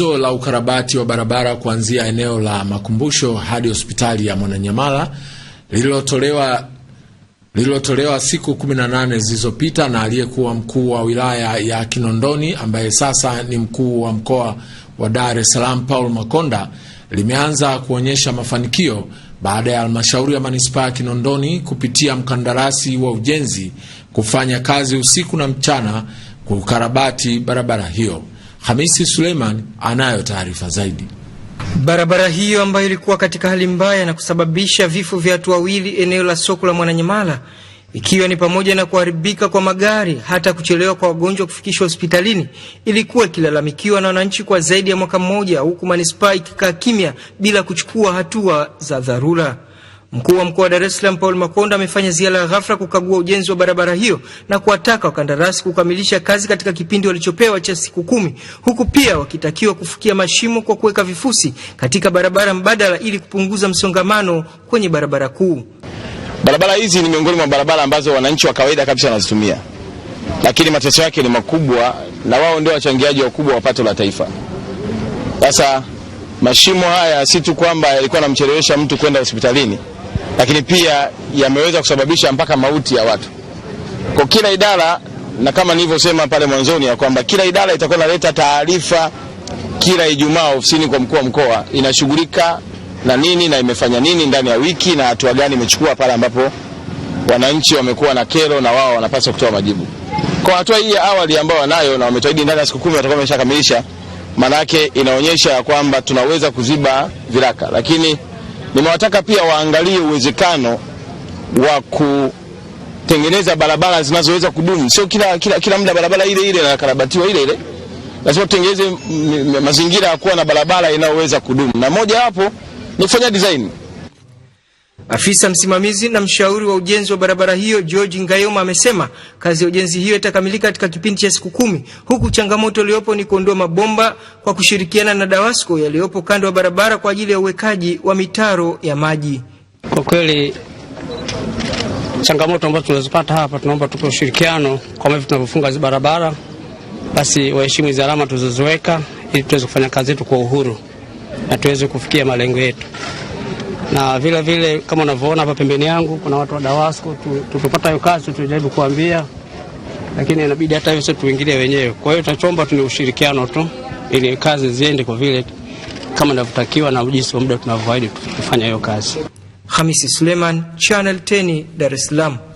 Agizo la ukarabati wa barabara kuanzia eneo la makumbusho hadi hospitali ya Mwananyamala lililotolewa lililotolewa siku 18 zilizopita na aliyekuwa mkuu wa wilaya ya Kinondoni ambaye sasa ni mkuu wa mkoa wa Dar es Salaam Paul Makonda limeanza kuonyesha mafanikio baada ya halmashauri ya manispaa ya Kinondoni kupitia mkandarasi wa ujenzi kufanya kazi usiku na mchana kukarabati barabara hiyo. Hamisi Suleiman anayo taarifa zaidi. Barabara hiyo ambayo ilikuwa katika hali mbaya na kusababisha vifo vya watu wawili eneo la soko la Mwananyamala, ikiwa ni pamoja na kuharibika kwa magari, hata kuchelewa kwa wagonjwa kufikishwa hospitalini, ilikuwa ikilalamikiwa na wananchi kwa zaidi ya mwaka mmoja, huku manispaa ikikaa kimya bila kuchukua hatua za dharura. Mkuu wa mkoa wa Dar es Salaam Paul Makonda amefanya ziara ya ghafla kukagua ujenzi wa barabara hiyo na kuwataka wakandarasi kukamilisha kazi katika kipindi walichopewa cha siku kumi, huku pia wakitakiwa kufukia mashimo kwa kuweka vifusi katika barabara mbadala ili kupunguza msongamano kwenye barabara kuu. Barabara hizi ni miongoni mwa barabara ambazo wananchi wa kawaida kabisa wanazitumia, lakini mateso yake ni makubwa, na wao ndio wachangiaji wakubwa wa pato la taifa. Sasa mashimo haya si tu kwamba yalikuwa yanamchelewesha mtu kwenda hospitalini lakini pia yameweza kusababisha mpaka mauti ya watu. Kwa kila idara, na kama nilivyosema pale mwanzoni ya kwamba kila idara itakuwa inaleta taarifa kila Ijumaa ofisini kwa mkuu wa mkoa, inashughulika na nini na imefanya nini ndani ya wiki na hatua gani imechukua pale ambapo wananchi wamekuwa na kero na wao wanapaswa kutoa majibu. Kwa hatua hii ya awali ambayo wanayo na wametoaidi ndani ya siku kumi watakuwa wameshakamilisha, maana yake inaonyesha ya kwamba tunaweza kuziba viraka, lakini Nimewataka pia waangalie uwezekano wa kutengeneza barabara zinazoweza kudumu, sio kila, kila, kila muda barabara ile ile inakarabatiwa ile ile. Lazima tutengeneze mazingira ya kuwa na barabara inayoweza kudumu, na moja wapo ni kufanya design Afisa msimamizi na mshauri wa ujenzi wa barabara hiyo George Ngayoma amesema kazi ya ujenzi hiyo itakamilika katika kipindi cha siku kumi, huku changamoto iliyopo ni kuondoa mabomba kwa kushirikiana na DAWASCO yaliyopo kando ya barabara kwa ajili ya uwekaji wa mitaro ya maji. Kwa kweli changamoto ambazo tunazipata hapa, tunaomba tupe ushirikiano kwa maana tunavyofunga hizo barabara, basi waheshimu hizo alama tulizoziweka, ili tuweze kufanya kazi yetu kwa uhuru na tuweze kufikia malengo yetu na vile vile kama unavyoona hapa pembeni yangu kuna watu wa Dawasco. Tulipopata hiyo kazi tulijaribu kuambia, lakini inabidi hata hivyo tuingilie wenyewe. Kwa hiyo tutachomba tu ni ushirikiano tu, ili kazi ziende kwa vile kama inavyotakiwa na ujisi wa muda tunavyoahidi kufanya hiyo kazi. Hamisi Suleiman, Channel 10, Dar es Salaam.